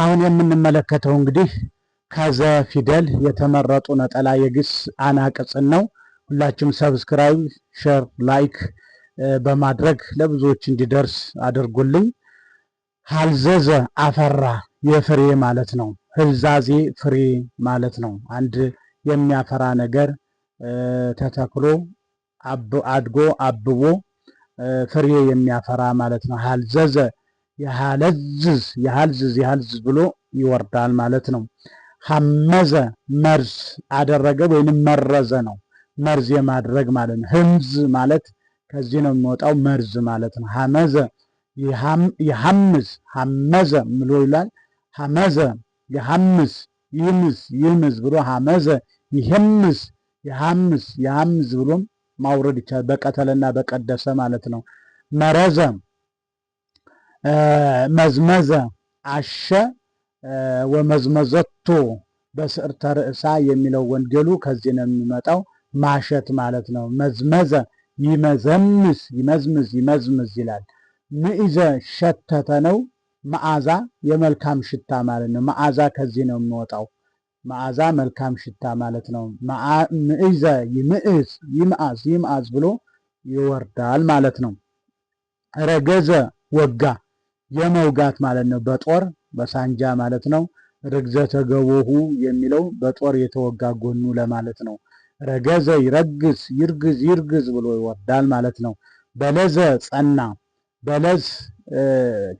አሁን የምንመለከተው እንግዲህ ከዘ ፊደል የተመረጡ ነጠላ የግስ አናቅጽን ነው። ሁላችሁም ሰብስክራይብ፣ ሸር፣ ላይክ በማድረግ ለብዙዎች እንዲደርስ አድርጉልኝ። ሀልዘዘ አፈራ የፍሬ ማለት ነው። ህልዛዜ ፍሬ ማለት ነው። አንድ የሚያፈራ ነገር ተተክሎ አድጎ አብቦ ፍሬ የሚያፈራ ማለት ነው። ሀልዘዘ የሃለዝዝ የሃልዝዝ የሃልዝዝ ብሎ ይወርዳል ማለት ነው። ሐመዘ መርዝ አደረገ ወይንም መረዘ ነው። መርዝ የማድረግ ማለት ነው። ህምዝ ማለት ከዚህ ነው የሚወጣው መርዝ ማለት ነው። ሐመዘ ይሐምዝ ሐመዘ ምሎ ይላል። ሐመዘ ይሐምዝ ይምዝ ይምዝ ብሎ ሐመዘ ይህምዝ ይሐምዝ የሐምዝ ብሎም ማውረድ ይቻላል። በቀተለና በቀደሰ ማለት ነው። መረዘም መዝመዘ አሸ ወመዝመዘቶ በስዕርተ ርእሳ የሚለው ወንጌሉ ከዚህ ነው የሚመጣው። ማሸት ማለት ነው። መዝመዘ ይመዘምዝ ይመዝምዝ ይመዝምዝ ይላል። ምዕዘ ሸተተ ነው መዓዛ የመልካም ሽታ ማለት ነው። መዓዛ ከዚህ ነው የሚወጣው። መዓዛ መልካም ሽታ ማለት ነው። ምዕዘ ይምዕዝ ይምዓዝ ይምዓዝ ብሎ ይወርዳል ማለት ነው። ረገዘ ወጋ የመውጋት ማለት ነው። በጦር በሳንጃ ማለት ነው። ርግዘተ ገቦሁ የሚለው በጦር የተወጋ ጎኑ ለማለት ነው። ረገዘ ይረግዝ፣ ይርግዝ፣ ይርግዝ ብሎ ይወርዳል ማለት ነው። በለዘ ጸና። በለዝ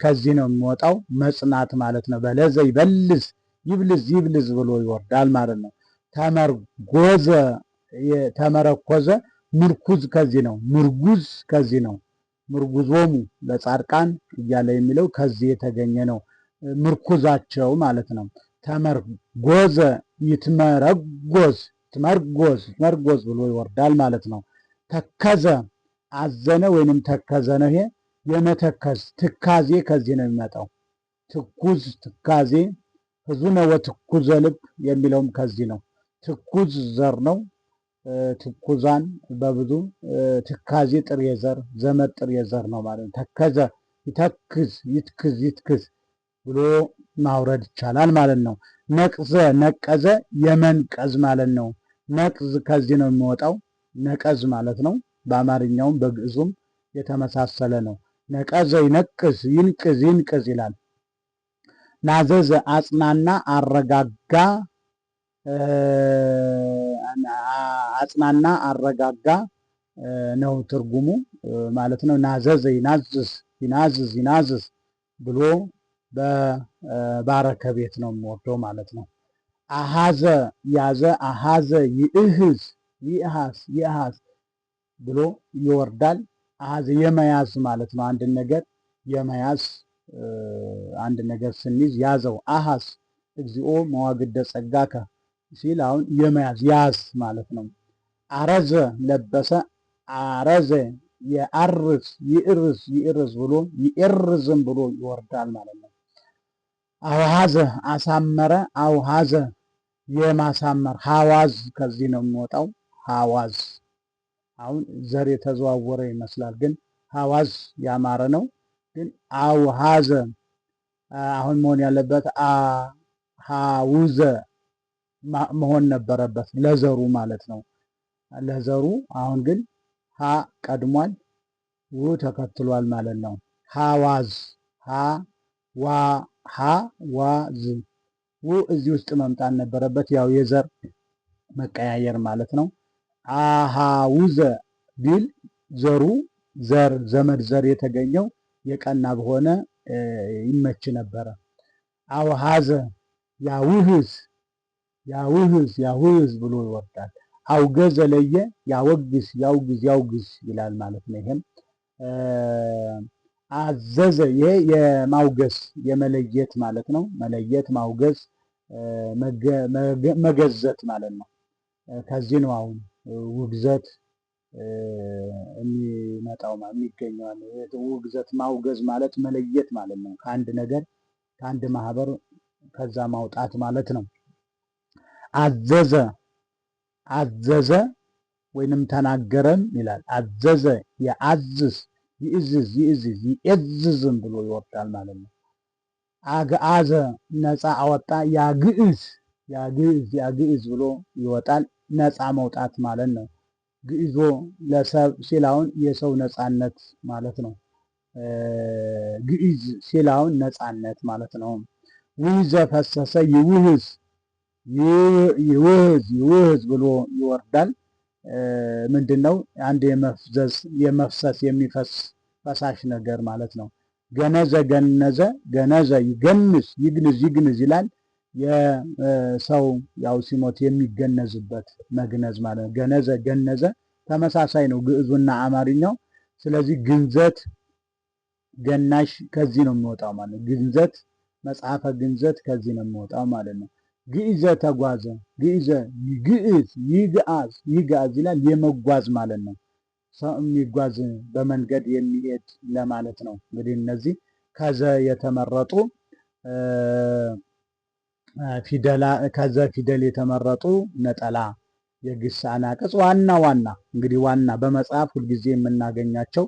ከዚህ ነው የሚወጣው መጽናት ማለት ነው። በለዘ ይበልዝ፣ ይብልዝ፣ ይብልዝ ብሎ ይወርዳል ማለት ነው። ተመርጎዘ፣ ተመረኮዘ፣ ምርኩዝ ከዚህ ነው። ምርጉዝ ከዚህ ነው። ምርጉዞሙ ለጻድቃን እያለ የሚለው ከዚህ የተገኘ ነው። ምርኩዛቸው ማለት ነው። ተመርጎዘ ይትመረጎዝ ትመርጎዝ ትመርጎዝ ብሎ ይወርዳል ማለት ነው። ተከዘ አዘነ ወይንም ተከዘ ነው። ይሄ የመተከዝ ትካዜ ከዚህ ነው የሚመጣው። ትኩዝ ትካዜ፣ ህዙነ ወትኩዘ ልብ የሚለውም ከዚህ ነው። ትኩዝ ዘር ነው። ትኩዛን በብዙ ትካዜ ጥሬ ዘር ዘመድ ጥሬ ዘር ነው ማለት ነው። ተከዘ ይተክዝ ይትክዝ ይትክዝ ብሎ ማውረድ ይቻላል ማለት ነው። ነቅዘ ነቀዘ የመንቀዝ ማለት ነው። ነቅዝ ከዚህ ነው የሚወጣው ነቀዝ ማለት ነው። በአማርኛውም በግዕዙም የተመሳሰለ ነው። ነቀዘ ይነቅዝ ይንቅዝ ይንቅዝ ይላል። ናዘዘ አጽናና አረጋጋ አጽናና፣ አረጋጋ ነው ትርጉሙ ማለት ነው። ናዘዘ ይናዝዝ ይናዝዝ ይናዝዝ ብሎ በባረከ ቤት ነው የሚወርደው ማለት ነው። አሃዘ ያዘ፣ አሃዘ ይእህዝ ይእሃስ ይእሃስ ብሎ ይወርዳል። አሃዘ የመያዝ ማለት ነው። አንድ ነገር የመያዝ አንድ ነገር ስንይዝ ያዘው አሃዝ እግዚኦ መዋግደ ጸጋከ ሲል አሁን የመያዝ ያዝ ማለት ነው። አረዘ ለበሰ አረዘ የአርስ ይእርስ ይእርስ ብሎ ይእርዝም ብሎ ይወርዳል ማለት ነው። አውሃዘ አሳመረ አውሃዘ የማሳመር ሐዋዝ ከዚህ ነው የሚወጣው። ሐዋዝ አሁን ዘር የተዘዋወረ ይመስላል፣ ግን ሐዋዝ ያማረ ነው። ግን አውሃዘ አሁን መሆን ያለበት አሃውዘ መሆን ነበረበት ለዘሩ ማለት ነው። ለዘሩ አሁን ግን ሀ ቀድሟል፣ ው ተከትሏል ማለት ነው። ሀዋዝ ሀ ዋ ሀ ዋዝ ው እዚህ ውስጥ መምጣት ነበረበት። ያው የዘር መቀያየር ማለት ነው። አሃውዘ ቢል ዘሩ ዘር ዘመድ ዘር የተገኘው የቀና በሆነ ይመች ነበረ። አውሃዘ ያውህዝ ያውህዝ ያውህዝ ብሎ ይወርዳል። አውገዘ ለየ ያወግስ ያውግዝ ያውግዝ ይላል ማለት ነው። ይሄም አዘዘ ይሄ የማውገስ የመለየት ማለት ነው። መለየት፣ ማውገዝ፣ መገዘት ማለት ነው። ከዚህ ነው አሁን ውግዘት የሚመጣው የሚገኘዋል። ውግዘት ማውገዝ ማለት መለየት ማለት ነው። ከአንድ ነገር ከአንድ ማህበር ከዛ ማውጣት ማለት ነው። አዘዘ አዘዘ ወይንም ተናገረም ይላል። አዘዘ የአዝዝ ይእዝዝ ይእዝዝ ይእዝዝም ብሎ ይወርዳል ማለት ነው። አግአዘ ነፃ አወጣ ያግዕዝ ያግዕዝ ያግዕዝ ብሎ ይወጣል። ነፃ መውጣት ማለት ነው። ግዕዞ ለሰብ ሲላውን የሰው ነፃነት ማለት ነው። ግዕዝ ሲላውን ነፃነት ማለት ነው። ውይዘ ፈሰሰ ይውህዝ ይውህዝ ይውህዝ ብሎ ይወርዳል። ምንድን ነው? አንድ የመፍዘዝ የመፍሰስ የሚፈስ ፈሳሽ ነገር ማለት ነው። ገነዘ ገነዘ ገነዘ ይገንዝ ይግንዝ ይግንዝ ይላል። የሰው ያው ሲሞት የሚገነዝበት መግነዝ ማለት ነው። ገነዘ ገነዘ ተመሳሳይ ነው ግዕዙና አማርኛው። ስለዚህ ግንዘት ገናሽ ከዚህ ነው የሚወጣው ማለት ነው። ግንዘት መጽሐፈ ግንዘት ከዚህ ነው የሚወጣው ማለት ነው። ግዕዘ ተጓዘ ግዕዘ ግዕዝ ይግአዝ ይግአዝ ይላል የመጓዝ ማለት ነው። ሰው የሚጓዝ በመንገድ የሚሄድ ለማለት ነው። እንግዲህ እነዚህ ከዘ የተመረጡ ከዘ ፊደል የተመረጡ ነጠላ የግስ አናቅጽ ዋና ዋና እንግዲህ ዋና በመጽሐፍ ሁልጊዜ የምናገኛቸው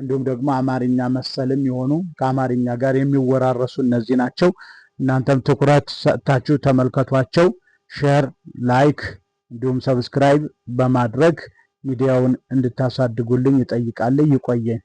እንዲሁም ደግሞ አማርኛ መሰልም የሆኑ ከአማርኛ ጋር የሚወራረሱ እነዚህ ናቸው። እናንተም ትኩረት ሰጥታችሁ ተመልከቷቸው። ሼር፣ ላይክ እንዲሁም ሰብስክራይብ በማድረግ ሚዲያውን እንድታሳድጉልኝ ይጠይቃል። ይቆየኝ።